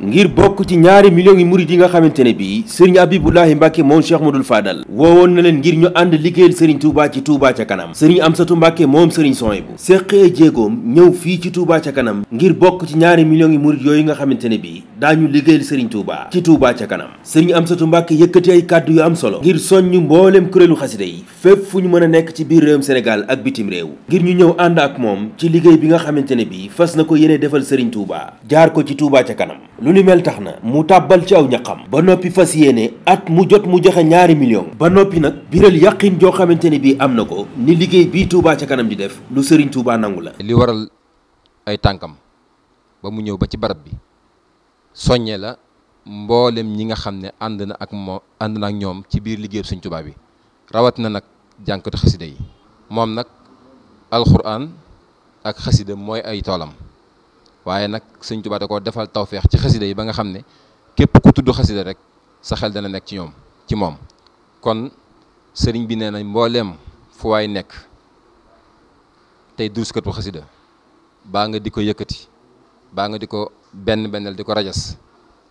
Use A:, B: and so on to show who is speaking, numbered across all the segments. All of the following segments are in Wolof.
A: ngir bokk ci ñaari millions yi murit yi nga xamante ne bii sëriñ Abibulahi Mbàkke moom Cheikh Modou Fadal woowoon na leen ngir ñu ànd liggéeyal sëriñ Touba ci Touba ca kanam sëriñ Amsatu Mbàkke moom sëriñ Sohaybu séqee jéegoom ñëw fii ci Touba ca kanam ngir bokk ci ñaari millions yi murit yooyu nga xamante ne bii daañu liggéeyal sëriñ Touba ci Touba ca kanam sëriñ Amsatu Mbàkke yëkkati ay kàddu yu am solo ngir soññ mbooleem kuréelu xasida yi fépp fu ñu mën a nekk ci biir réewum Sénégal ak bitim réew ngir ñu ñëw ànd ak moom ci liggéey bi nga xamante ne bii fas na ko yenee defal sëriñ Touba jaar ko ci Touba ca kanam lu ni mel tax na mu tàbbal ci aw ñaqam ba noppi fas yéene at mu jot mu joxe ñaari million ba noppi nag biral yàqin joo xamante ni bii am na ko ni liggéey bii Touba ca kanam di def lu sëriñ
B: Touba nangu la li waral ay tànkam ba mu ñëw ba ci barab bi soññe la mboolem ñi nga xam ne ànd na ak moo ànd na ak ñoom ci biir liggéey Sëriñ Tuubaa bi rawat na nag jànkatu xasida yi moom nag alxuraan ak xasida mooy ay toolam waaye nag sëñ Tuubaa koo defal tawféex ci xasida yi ba nga xam ne képp ku tudd xasida rek sa xel dana nekk ci ñoom ci moom kon sëriñ bi nee na mbooleem fu waay nekk tey duuskatu xasida baa nga di ko yëkkati baa nga di ko benn bennal di ko rajas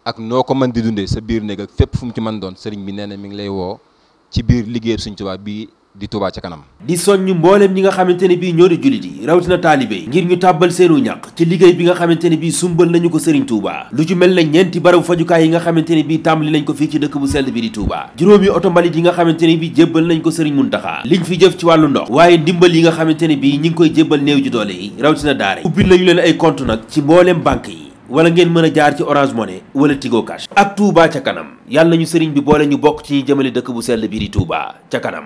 B: ak noo ko mën di dundee sa biir néeg ak fépp fu mu ci mën doon sëriñ bi nee na mi ngi lay woo ci biir liggéeyam sëñ Tuubaa bii di Touba ca kanam di soññ mbooleem ñi nga xamante ne bii ñoo di jullit yi
A: rawatina taalibe yi ngir ñu tàbbal seenu ñaq ci liggéey bi nga xamante ne bii sumbal nañu ko Serigne Touba lu ci mel na ñeenti barabu fajukaay yi nga xamante ne bii tàmbali nañ ko fii ci dëkk bu sell bi di Touba juróomi oto mbalit yi nga xamante ne bii jébbal nañ ko Serigne Mountakha liñ fi jëf ci wàllu ndox waaye ndimbal yi nga xamante ne bii ñi ngi koy jébbal néew ji doole yi na daara ubbil nañu leen ay compte nag ci mbooleem banque yi wala ngeen mën a jaar ci Orange Money wala Tigo Cash ak Touba ca kanam yàlla ñu sëriñ bi boole ñu bokk ci ñi dëkk bu sell bi di Touba ca kanam